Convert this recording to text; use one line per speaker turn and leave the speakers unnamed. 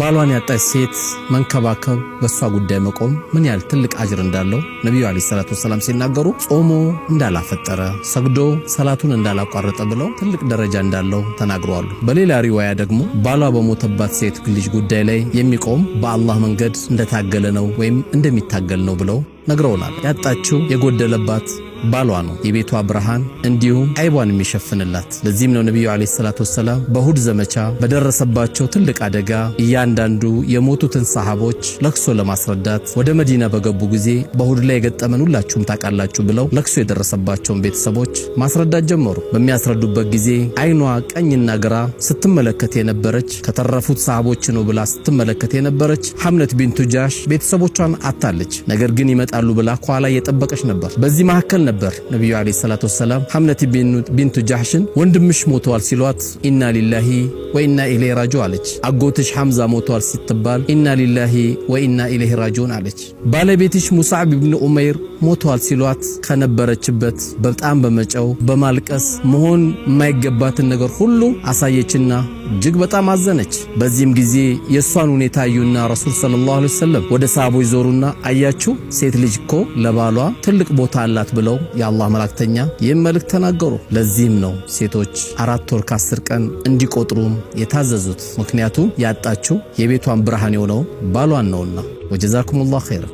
ባሏን ያጣች ሴት መንከባከብ፣ በእሷ ጉዳይ መቆም ምን ያህል ትልቅ አጅር እንዳለው ነቢዩ አለ ሰላት ወሰላም ሲናገሩ ጾሞ እንዳላፈጠረ ሰግዶ ሰላቱን እንዳላቋረጠ ብለው ትልቅ ደረጃ እንዳለው ተናግረዋሉ። በሌላ ሪዋያ ደግሞ ባሏ በሞተባት ሴት ልጅ ጉዳይ ላይ የሚቆም በአላህ መንገድ እንደታገለ ነው ወይም እንደሚታገል ነው ብለው ነግረውናል። ያጣችው የጎደለባት ባሏ ነው፣ የቤቷ ብርሃን እንዲሁም አይቧን የሚሸፍንላት። ለዚህም ነው ነቢዩ ዓለይሂ ሰላቱ ወሰላም በሁድ ዘመቻ በደረሰባቸው ትልቅ አደጋ እያንዳንዱ የሞቱትን ሰሃቦች ለቅሶ ለማስረዳት ወደ መዲና በገቡ ጊዜ በሁድ ላይ የገጠመን ሁላችሁም ታውቃላችሁ ብለው ለቅሶ የደረሰባቸውን ቤተሰቦች ማስረዳት ጀመሩ። በሚያስረዱበት ጊዜ አይኗ ቀኝና ግራ ስትመለከት የነበረች ከተረፉት ሰሃቦች ነው ብላ ስትመለከት የነበረች ሐምነት ቢንቱ ጃሽ ቤተሰቦቿን አታለች። ነገር ግን ይመጣሉ ብላ ከኋላ እየጠበቀች ነበር። በዚህ መካከል ነበር። ነቢዩ ዓለይሂ ሰላቱ ወሰላም ሐምነት ቢንቱ ጃሕሽን ወንድምሽ ሞተዋል ሲሏት ኢና ሊላሂ ወኢና ኢለይሂ ራጂዑን አለች። አጎትሽ ሐምዛ ሞተዋል ስትባል ኢና ሊላሂ ወኢና ኢለይሂ ራጂዑን አለች። ባለቤትሽ ሙስዓብ ብን ኡመይር ሞቷል ሲሏት ከነበረችበት በጣም በመጨው በማልቀስ መሆን የማይገባትን ነገር ሁሉ አሳየችና እጅግ በጣም አዘነች። በዚህም ጊዜ የእሷን ሁኔታ እዩና ረሱል ሰለላሁ ዐለይሂ ወሰለም ወደ ሰሃቦች ዞሩና አያችሁ ሴት ልጅ እኮ ለባሏ ትልቅ ቦታ አላት ብለው የአላህ መላእክተኛ ይህም መልእክት ተናገሩ። ለዚህም ነው ሴቶች አራት ወር ከአስር ቀን እንዲቆጥሩም የታዘዙት ምክንያቱም ያጣችው የቤቷን ብርሃን የሆነው ባሏን ነውና። ወጀዛኩም ላሁ